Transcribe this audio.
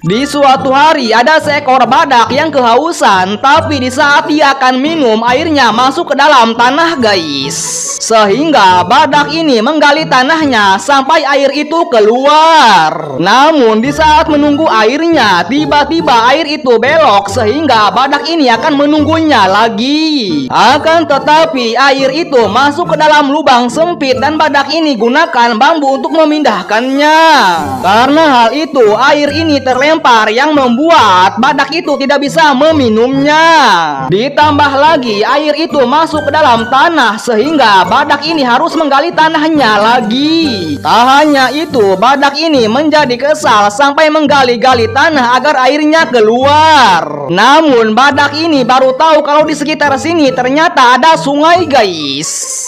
Di suatu hari ada seekor badak yang kehausan Tapi di saat dia akan minum airnya masuk ke dalam tanah guys Sehingga badak ini menggali tanahnya sampai air itu keluar Namun di saat menunggu airnya tiba-tiba air itu belok Sehingga badak ini akan menunggunya lagi Akan tetapi air itu masuk ke dalam lubang sempit Dan badak ini gunakan bambu untuk memindahkannya Karena hal itu air ini terlihat melempar yang membuat badak itu tidak bisa meminumnya. Ditambah lagi air itu masuk ke dalam tanah sehingga badak ini harus menggali tanahnya lagi. Tak hanya itu, badak ini menjadi kesal sampai menggali-gali tanah agar airnya keluar. Namun badak ini baru tahu kalau di sekitar sini ternyata ada sungai guys.